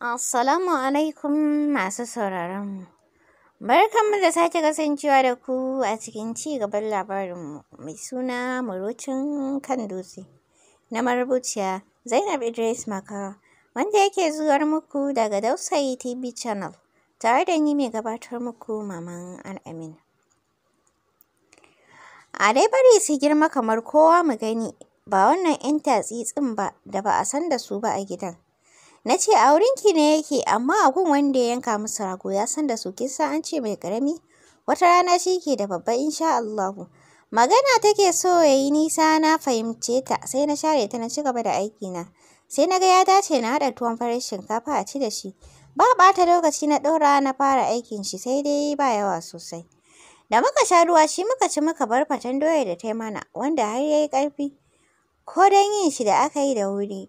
Assalamu alaikum masu sauraronmu. mu da sake kasancewa da ku a cikin ci gaban labarinmu mai suna murucin kan dutse na marubuciya Zainab Idris Makawa wanda yake zuwar muku daga Dausayi TV channel tare da ni mai gabatar muku Maman Al'amin. A dai bari su girma kamar kowa mu gani ba wannan 'yan tatsitsin ba da ba a san da su ba a gidan. Na ce a wurinki ne yake amma a wanda ya yanka musu rago ya san da su kisa an ce mai karami Wata rana shi ke da babba insha Allahu. Magana take so ya yi nisa na fahimce ta sai na share ta na ci gaba da aikina. Sai na ga ya dace na haɗa tuwon farin shinkafa a ci da shi. Ba ɓata lokaci na ɗora na fara aikin shi sai dai ba yawa sosai. Da muka sha ruwa shi muka ci muka bar faten doya da ta mana wanda har ya yi ƙarfi. Ko don yin shi da aka yi da wuri.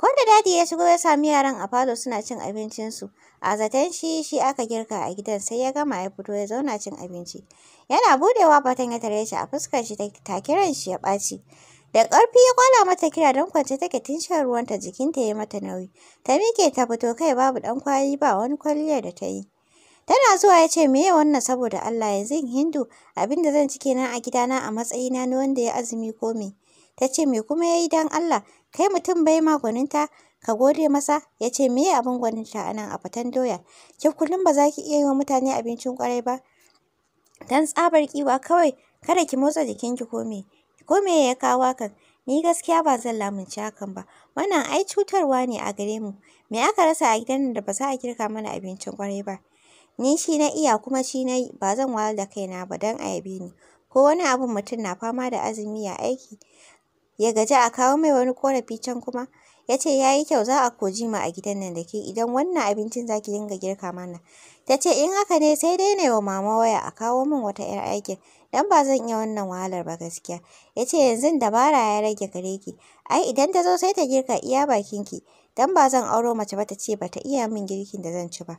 Ko da dadi ya shigo ya sami yaran a falo suna cin abincinsu, a zaton shi shi aka girka a gidan sai ya gama ya fito ya zauna cin abinci. Yana budewa fatan ya tare shi a fuskar shi ta kiran shi ya ɓaci. Da ƙarfi ya kwala mata kira don kwance take tun shan ruwanta jikinta ya mata nauyi. Ta miƙe ta fito kai babu ɗan kwali ba wani kwalliyar da ta yi. Tana zuwa ya ce meye wannan saboda Allah yanzu Hindu abin da zan cike na a gidana a matsayina na wanda ya azumi ko me. Ta ce me kuma ya yi don Allah Kai mutum bai ma gwaninta, ka gode masa, ya ce me ya abin gwaninta a nan a fatan doya. ke kullum ba za ki iya yi wa mutane abincin kwarai ba. Dan tsabar kiwa kawai, kada ki motsa jikinki ko me. Ko ya kawo hakan? Ni gaskiya ba zan lamunci hakan ba. Wannan ai cutarwa ne a gare mu. Me aka rasa a gidan da ba za a kirka mana abincin kwarai ba? Ni shi na iya kuma shi na yi, ba zan wahalar da kaina ba don a yabe ni. Ko wani abin mutum na fama da azumi ya aiki. ya gaji a kawo mai wani korafi can kuma ya ce ya yi kyau za a koji ma a gidan nan da ke idan wannan abincin za ki dinga girka mana ta ce in haka ne sai dai ne wa mama waya a kawo min wata 'yar aikin don ba zan iya wannan wahalar ba gaskiya ya ce yanzu dabara ya rage gare ki ai idan ta zo sai ta girka iya bakin ki. don ba zan auro mace ba ta ce ba ta iya min girkin da zan ci ba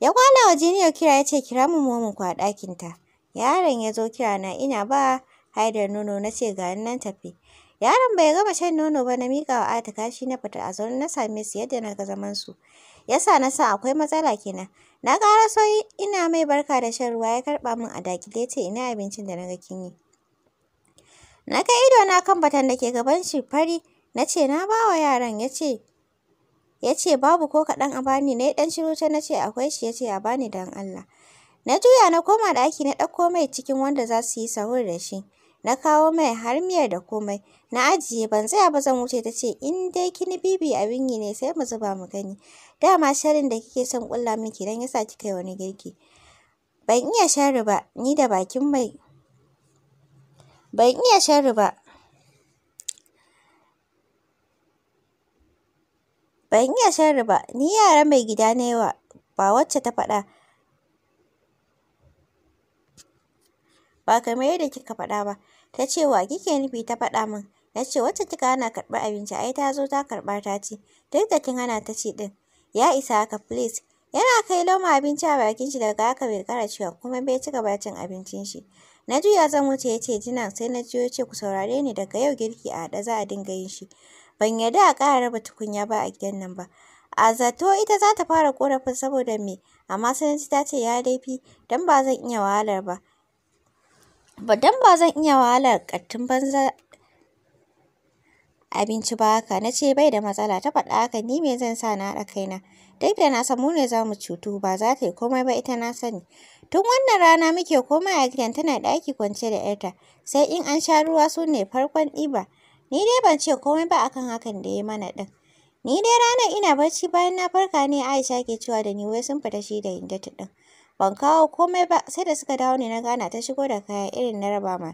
ya kwana wa jiniyar kira ya ce kira min momin ku a ɗakinta yaron ya zo kira na ina ba haidar nono na ce ga nan tafi Yaron bai gama shan nono ba na miƙa wa ata shi na fita a zaune na same su yadda na ga zaman su. Yasa na san akwai matsala kenan. Na ƙara so ina mai barka da shan ruwa ya karɓa min a dakile ce ina abincin da na ga kin yi. Na kai ido na kan batan da ke gaban shi fari na ce na ba wa yaran ya ce ya ce babu ko kaɗan a bani na yi ɗan shiru ta na ce akwai shi ya ce a bani don Allah. Na juya na koma ɗaki na ɗauko mai cikin wanda za su yi sahur da shi. na kawo mai har miya da komai na ajiye ban tsaya ba zan wuce ta ce in dai kini bibi abin yi ne sai mu zuba mu gani dama sharin da kike son kulla min kidan yasa kika yi wani girki ban iya sharri ba ni da bakin mai ban iya sharri ba ban iya sharri ba ni yara mai gida na yawa ba wacce ta faɗa ba kamar yadda kika faɗa ba. Ta ce wa kike nufi ta faɗa min. Na ce wacce kika hana karɓar abinci ai ta zo ta karɓa ta ce. Duk da kin hana ta ce din. Ya isa haka please. Yana kai lauma abinci a bakin shi daga haka bai ƙara cewa kuma bai ci gaba cin abincin shi. Na juya zan wuce ya ce jinan sai na juyo ce ku saurare ni daga yau girki a haɗa za a dinga yin shi. Ban yarda a ƙara raba tukunya ba a gidan nan ba. A zato ita za ta fara ƙorafin saboda me amma sai na ta ce ya laifi don ba zan iya wahalar ba. ba dan ba zan iya wahalar kattun banza abinci ba haka na ce bai da matsala ta faɗa haka ni me zan sa na haɗa kaina duk da na san mu ne za mu cutu ba za ta yi komai ba ita na sani tun wannan rana muke komai a gidan tana ɗaki kwance da yarta sai in an sha ruwa su ne farkon ɗiba ni dai ban ce komai ba akan hakan da ya mana ɗin ni dai ranar ina barci bayan na farka ne Aisha ke cewa da ni wai sun fita shi da datti ɗin Ban kawo komai ba sai da suka dawo ne na gana ta shigo da kaya irin na raba ma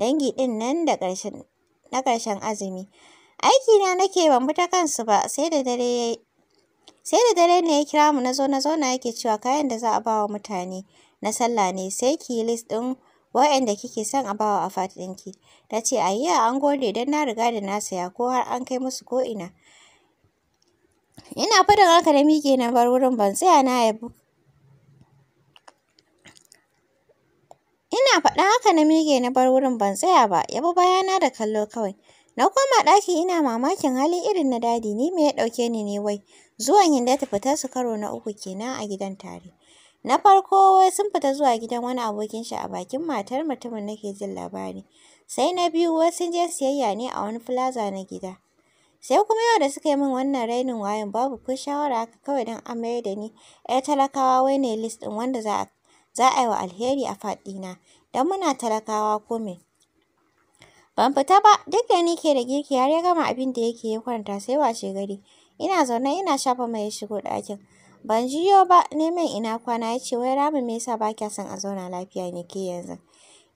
dangi ɗin nan da ƙarshen na ƙarshen azumi. Aiki na nake ban bi ta kansu ba sai da dare Sai da dare ne ya kira mu na zo na zauna yake cewa kayan da za a ba wa mutane na sallah ne sai ki list ɗin waɗanda kike son a bawa a ɗinki. Ta ce ayya an gode don na riga da na saya ko har an kai musu ko ina. Ina faɗin haka da mike na bar wurin ban tsaya na yabi Ina faɗa haka na mige na bar wurin ban tsaya ba, ya bi bayana da kallo kawai. Na koma ɗaki ina mamakin hali irin na dadi ni me ya ɗauke ni ne wai. Zuwan Hindata fita su karo na uku kenan a gidan tare. Na farko wai sun fita zuwa gidan wani abokin shi a bakin matar mutumin nake jin labari. Sai na biyu wai sun je siyayya ne a wani plaza na gida. Sai kuma yau da suka yi min wannan rainin wayon babu ko shawara haka kawai don an mayar da ni ‘yar talakawa wai ne list ɗin wanda za a za a yi wa alheri a faɗina don muna talakawa ko me. Ban fita ba duk da ni ke da girki har ya gama abin da yake ya kwanta sai washe gari. Ina zaune ina shafa mai ya shigo ɗakin. Ban jiyo ba neman ina kwana ya ce wai Ramu me yasa ba kya son a zauna lafiya ne ke yanzu.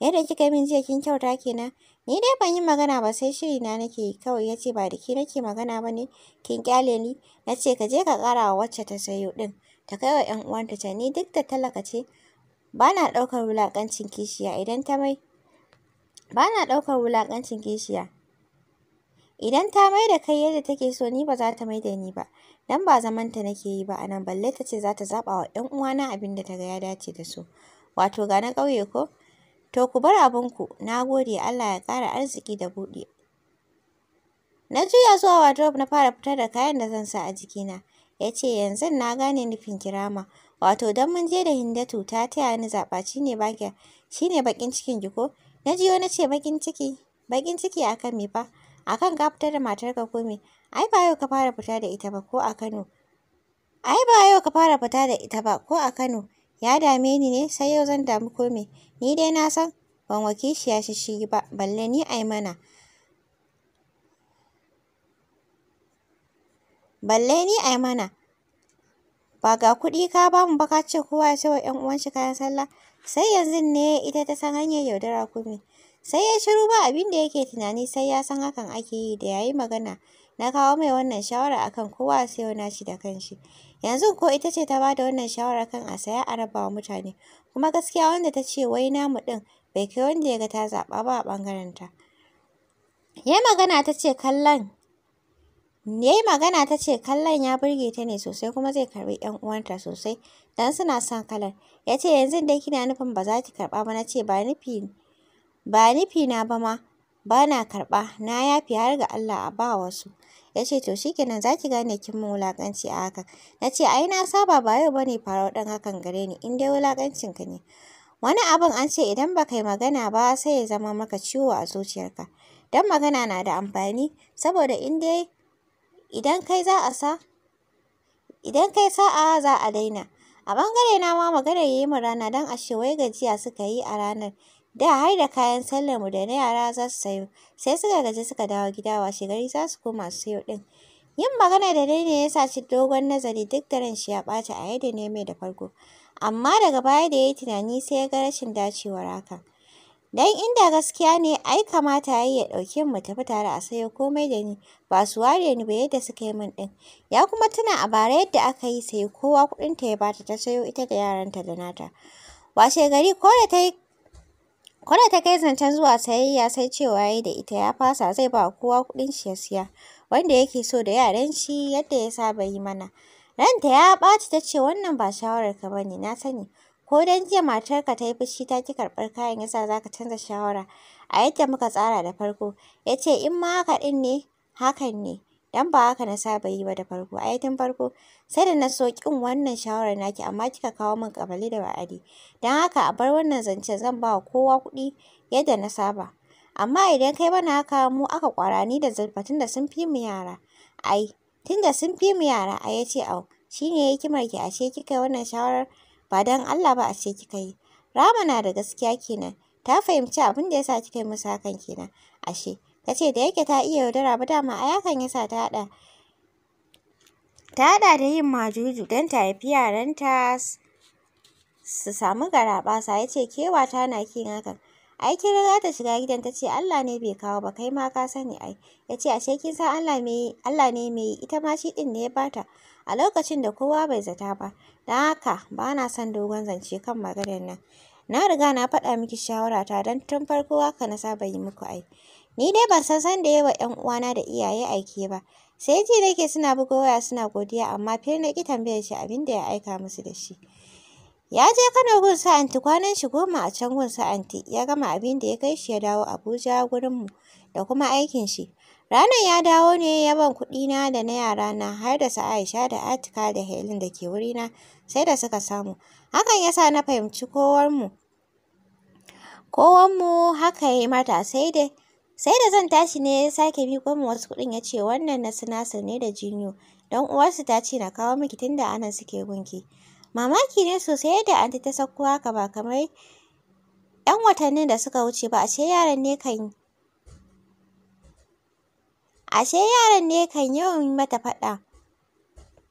Yadda kika min jiya kin kyauta kenan. Ni dai ban yi magana ba sai shiri na nake yi kawai ya ce ba da ki nake magana ba ne kin kyale ni. Na ce ka je ka ƙara wa wacce ta sayo ɗin ta kai wa ‘yan uwanta ta ni duk da talaka ce Bana ɗaukar wulaƙancin kishiya idan ta mai bana ɗaukar kishiya idan ta mai da kai yadda take so ni ba za ta mai da ni ba dan ba zaman ta nake yi ba anan balle ta ce za ta zaɓa wa ƴan uwana abin da ta ga ya dace da su wato ga na ƙauye ko to ku bar abinku na gode Allah ya ƙara arziki da buɗe na juya zuwa wardrobe na fara fitar da kayan da zan sa a jikina ya ce yanzu na gane nufin kirama Wato don mun je da Hindatu ta taya ni zaɓa shi ne bakin shi ne baƙin cikin ki ko? Na jiyo na ce baƙin ciki, baƙin ciki a kan me fa? A kan ka fitar da matarka ko me? Ai ba yau ka fara fita da ita ba ko a Kano. Ai ba yau ka fara fita da ita ba ko a Kano. Ya dame ni ne sai yau zan damu ko me? Ni dai na san ban shi ya shi ba balle ni ai mana. Balle ni ai mana. Ba ga kuɗi ka ba mu ba ce kowa ya sayo ‘yan uwanshi kayan sallah. Sai yanzu ne ita ta san hanyar yaudara kumi. Sai ya shiru ba abin da yake tunani sai ya san hakan ake yi da yayi magana. Na kawo mai wannan shawara akan kowa ya sayo nashi da kanshi. Yanzu ko ita ce ta bada wannan shawara kan a saya a rabawa mutane. Kuma gaskiya wanda ta ce wai namu ɗin bai kai wanda ya ga ta zaɓa ba a ɓangarenta. Ya magana ta ce kallon ne magana ta ce kallon ya burge ta ne sosai kuma zai karbi 'yan uwanta sosai don suna son kalar. Ya ce yanzu dai kina nufin ba za ki karɓa ba na ce ba nufi ba na ba ma ba na karɓa na yafi har ga Allah a ba wasu. Ya ce to shi kenan za ki gane kin mu wulaƙanci a hakan. Na ce ai na saba ba yau bane faruwar ɗan hakan gare ni in dai wulaƙancin ka ne. Wani abin an ce idan ba yi magana ba sai ya zama maka ciwo a zuciyarka. Don magana na da amfani saboda in dai idan kai za a sa idan kai sa'a za a daina. A ɓangare na ma ya yi rana don a shewai gajiya suka yi a ranar. Da har da kayan sallar mu da na yara za su sayo, sai suka gaji suka dawo gida wa gari za su koma su sayo ɗin. Yin magana da dai ya sa shi dogon nazari duk da ran shi ya ɓaci a yadda ne mai da farko. Amma daga baya da ya yi tunani sai ya ga rashin dacewar haka. Dan inda gaskiya ne ai kamata ya yi ya ɗauke mu tafi tare a sayo komai da ni ba su ware ni ba yadda suka yi min ɗin. Ya kuma tuna a bara yadda aka yi sai kowa kuɗinta ya bata ta sayo ita ga yaranta da nata. Washe gari ko da ta yi da ta kai zancen zuwa sayayya sai cewa yayi da ita ya fasa zai ba kowa kuɗin shi ya siya wanda yake so da yaran shi yadda ya saba yi mana. Ranta ya ɓaci ta ce wannan ba shawarar ka bane na sani Ko dan jiya matarka ta yi fushi ta ki karɓar kayan yasa za ka canza shawara a yadda muka tsara da farko. Ya ce in ma haka ɗin ne, hakan ne. Dan ba haka na saba yi ba da farko. a tun farko sai da na so kin wannan shawarar naki amma kika kawo min kabali da wa'adi. Dan haka a bar wannan zance zan ba kowa kuɗi yadda na saba. Amma idan kai mana haka mu aka kwarani da zulfatun da sun fi mu yara. Ai tunda sun fi mu yara ai ce, au shine hikimar ki ashe kika wannan shawarar ba don Allah ba a ce kika yi Rama na da gaskiya kenan ta fahimci abin da sa kika yi musu hakan kenan ashe ta ce da yake ta iya yaudara ba dama a yakan yasa ta haɗa ta haɗa da yin majuju don ta haifi yaranta su samu garaɓasa ya ce kewa ta na kin hakan Aikin kin riga ta shiga gidan ta ce Allah ne bai kawo ba kai ma ka sani ai ya ce ashe kin san Allah ne me ita ma shi din ne ya bata a lokacin da kowa bai zata ba dan haka ba na son dogon zance kan maganar nan na riga na faɗa miki shawarata don tun farko haka na saba yi muku ai ni dai ban san san da yawa ƴan uwana da iyaye aike ba sai ji nake suna buga waya suna godiya amma fir na ki tambayar shi abin da ya aika musu da shi Ya je Kano gun sa'anti kwanan shi goma a can gun sa'anti, ya gama abin da ya kai shi ya dawo Abuja gurinmu da kuma aikin shi. Ranar ya dawo ne ya ban kuɗina da na yarana har da su Aisha da Atika da Helen da ke wurina sai da suka samu. Hakan ya sa na fahimci kowarmu. Kowanmu haka ya yi mata sai dai Sai da zan tashi ne ya sake bi min wasu kuɗin ya ce wannan na sinasir ne da jiniyo don uwarsu ta ce na kawo miki tunda anan suke gunki. Mamaki ne sosai yadda anti ta sauko haka ba kamar 'yan watannin da suka wuce ba ashe yaran ne kan ashe yaran ne kan yawan mata faɗa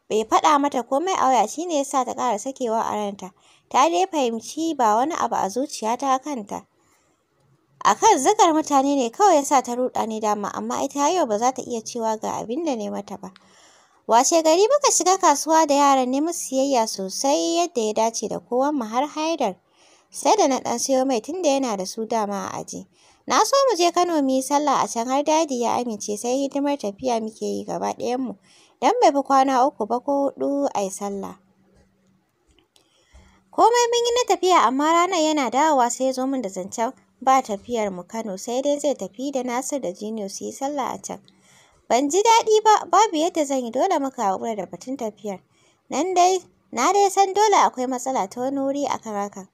bai faɗa mata komai a waya shine yasa ta ƙara sakewa a ranta ta dai fahimci ba wani abu a zuciya ta kanta A kan zigar mutane ne kawai yasa ta ruɗa ne dama amma ita yau ba za ta iya cewa ga abinda da ne mata ba Wace gari muka shiga kasuwa da yaran ne musu siyayya sosai yadda ya dace da kowa mu har haidar. Sai da na ɗan siyo mai tunda yana da su dama a aji. Na so mu je Kano mu yi sallah a can har dadi ya amince sai hidimar tafiya muke yi gaba ɗayanmu. Dan bai fi kwana uku ba ko huɗu a yi sallah. Komai mun yi na tafiya amma ranar yana dawowa sai ya zo min da zancen ba tafiyar mu Kano sai dai zai tafi da Nasir da Junior su yi sallah a can. Ban ji daɗi ba, babu yadda zan yi dole muka haƙura da batun tafiyar. Nan dai, na dai san dole akwai matsala ta wani wuri a karaka.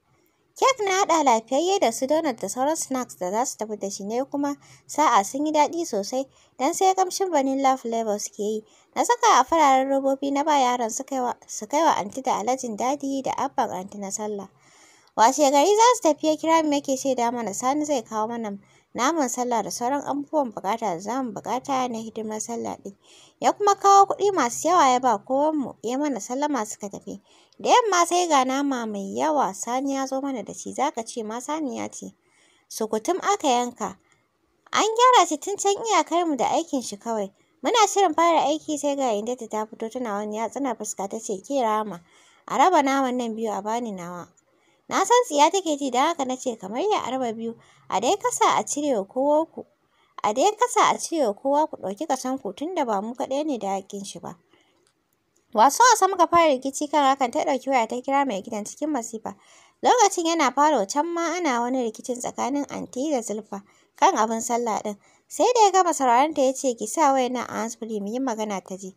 Kek na haɗa lafiyayye da su donot da sauran snacks da za su tafi da shi ne kuma sa'a sun yi daɗi sosai don sai kamshin vanilla flavor suke yi. Na saka a fararen robobi na ba yaron su kai wa anti da alajin dadi da abban anti na sallah. Washe gari za su tafi ya kira mu yake shaida mana Sani zai kawo mana naman sallah da sauran abubuwan bukata da zamu bukata na hidimar sallah ɗin. Ya kuma kawo kuɗi masu yawa ya ba kowanmu ya mana sallama suka tafi. Da yamma sai ga nama mai yawa Sani ya zo mana da shi za ka ce ma saniya ce. Sukutum aka yanka. An gyara shi tun can iyakarmu da aikin shi kawai. Muna shirin fara aiki sai ga Indata ta fito tana wani yatsuna fuska ta ce ke rama. A raba naman nan biyu a bani nawa. Na san tsiya take ji da haka na ce kamar ya arba biyu, a dai kasa a cire wa kowa ku. A dai kasa a cire wa kowa ku ɗauki kasan ku tun da ba mu kaɗai ne da haƙƙin shi ba. Wasu wasa muka fara rikici kan hakan ta ɗauki waya ta kira mai gidan cikin masifa. Lokacin yana fara can ma ana wani rikicin tsakanin anti da zulfa kan abin sallah ɗin. Sai da ya gama sauraron ta ya ce ki sa waya na a mu yi magana ta ji.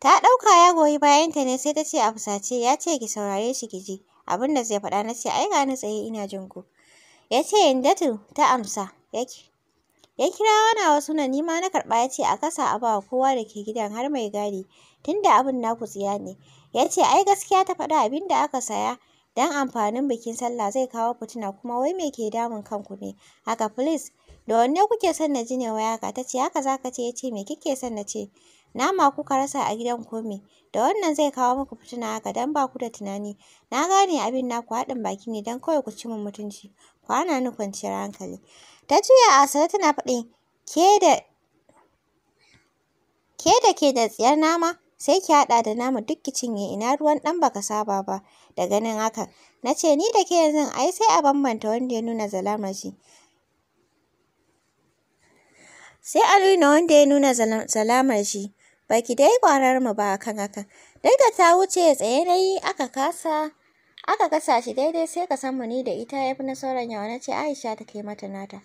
Ta ɗauka ya goyi bayanta ne sai ta ce a fusace ya ce ki saurare shi ki ji. abin da zai faɗa na ce ai ga ni tsaye ina jin ku ya ce indatu ta amsa ya kira wani wasu na nima na karɓa ya ce a kasa a ba kowa da ke gidan har mai gadi tunda abin naku tsiya ne ya ce ai gaskiya ta faɗa abin da aka saya dan amfanin bikin sallah zai kawo fitina kuma wai me ke damun kanku ne haka please da wanne kuke son na ji ne wayaka ta ce haka zaka ce ya ce me kike son na ce nama kuka rasa a gidan ko da wannan zai kawo muku fitina haka dan ba ku da tunani na gane abin naku haɗin baki ne dan kawai ku ci min mutunci ku hana ni kwanciyar hankali ta juya a sare tana faɗin ke da ke da ke da tsiyar nama sai ki haɗa da nama duk ki cinye ina ruwan ɗan baka saba ba da ganin hakan na ce ni da ke yanzu ai sai a bambanta wanda ya nuna zalama shi Sai na wanda ya nuna salamar shi, ba ki dai kwarar mu ba kan hakan. Dai da ta wuce tsaye na yi aka kasa, aka kasa shi daidai sai ka san mu ni da ita ya fi na sauran yawa na ce Aisha ta kai mata nata.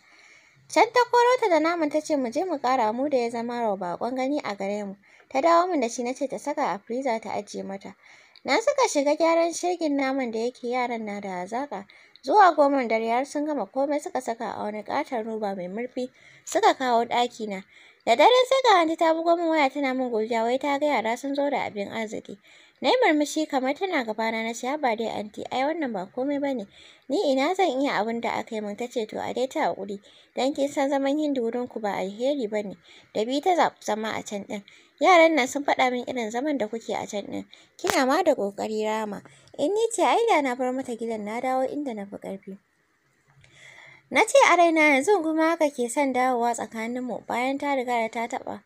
Can ta koro ta da namun ta ce mu je mu kara mu da ya zama wa bakon gani a gare mu. Ta dawo min da shi na ce ta saka a freezer ta ajiye mata. Na saka shiga gyaran shegin naman da yake yaran na da azaka. Zuwa goman dare har sun gama komai suka saka a wani katon roba mai murfi suka kawo na Da dare sai ga Hanti ta bugo min waya tana min godiya wai ta ga yara sun zo da abin arziki. Na yi murmushi kamar tana gabana na ce ba dai anti ai wannan ba komai ba ne. Ni ina zan iya abin da aka yi min ta ce to a dai ta haƙuri don kin san zaman hindu wurin ku ba alheri ba ne. Da bi ta zama a can ɗin. Yaran nan sun faɗa min irin zaman da kuke a can ɗin. Kina ma da ƙoƙari rama. In ni ce ai da na bar mata gidan na dawo inda na fi ƙarfi. Na ce a raina yanzu kuma haka ke son dawowa tsakaninmu bayan ta riga da ta taɓa.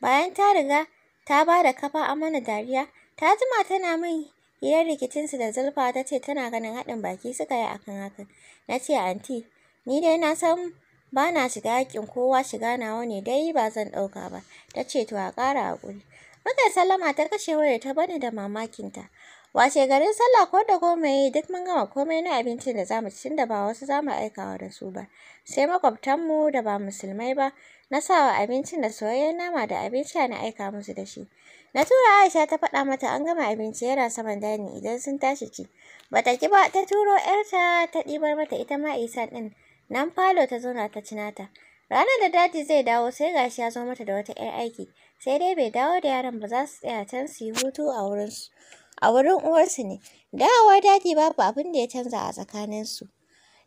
Bayan ta riga ta bada kafa a mana dariya ta jima tana min hirar rikicinsu da zulfa ta ce tana ganin haɗin baki suka yi akan hakan na ce anti ni dai na san ba na shiga haƙƙin kowa shiga nawa ne dai ba zan ɗauka ba ta ce to a ƙara hakuri. muka sallama ta kashe da ta bani da mamakinta washe garin sallah ko da goma duk mun gama komai na abincin da zamu ci tunda ba wasu zamu aikawa da su ba sai makwabtan mu da ba musulmai ba na sa wa abincin da soyayyen nama da abin sha na aika musu da shi. Na tura Aisha ta faɗa mata an gama abinci yana saman dani idan sun tashi ci. Bata ki ba ta turo 'yarta ta ɗibar mata ita ma isa ɗin. Nan falo ta zauna ta ci nata. Ranar da daji zai dawo sai gashi ya zo mata da wata 'yar aiki. Sai dai bai dawo da yaran ba za su tsaya can su yi hutu a wurin uwarsu ne. dawowar dadi babu abin da ya canza a tsakaninsu.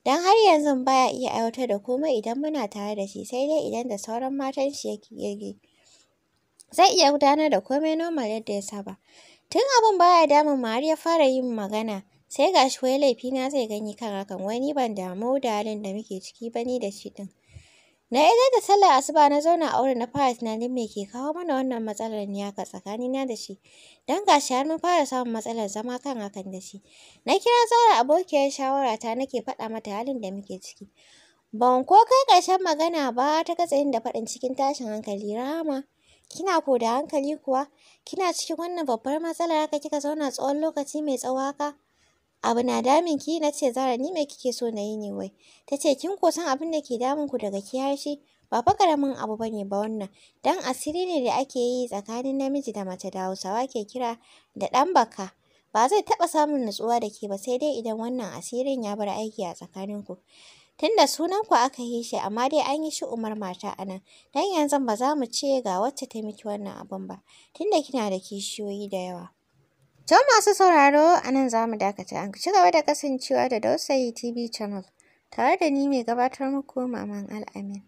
don har yanzu ba ya iya aiwatar da komai idan muna tare da shi sai dai idan da sauran matan shi yake yake zai iya gudanar da komai normal yadda ya saba tun abin baya damun mu har ya fara yin magana sai ga shi wai laifina zai gani kan hakan wani ban damu da halin da muke ciki ba ni da shi din Na idar da sallar asuba na zauna a wurin na fara tunanin me ke kawo mana wannan matsalar niyaka tsakanina da shi. Don gashi har mun fara samun matsalar zama kan hakan da shi. Na kira Zara abokiyar shawarata nake faɗa mata halin da muke ciki. Ban ko kai ƙarshen magana ba ta katse da faɗin cikin tashin hankali Rahama. Kina ko da hankali kuwa? Kina cikin wannan babbar matsalar haka kika zauna tsawon lokaci mai tsawo haka? Abu na damin ki na ce Zara ni me kike so na yi ne wai. Ta ce kin ko san abin da ke damun ku daga kiyashi ba fa karamin abu bane ba wannan dan asiri ne da ake yi tsakanin namiji da mace da Hausawa ke kira da dan baka. Ba zai taɓa samun nutsuwa da ke ba sai dai idan wannan asirin ya bar aiki a tsakanin ku Tunda sunan ku aka yi shi amma dai an yi shi umar mata a nan. Dan yanzu ba za mu ce ga wacce ta miki wannan abun ba. Tunda kina da kishiyoyi da yawa. Jau masu sauraro a nan za mu dakata. An ci gaba da kasancewa da Dausayi TV Channel tare da ni mai gabatar muku Maman Al'amin.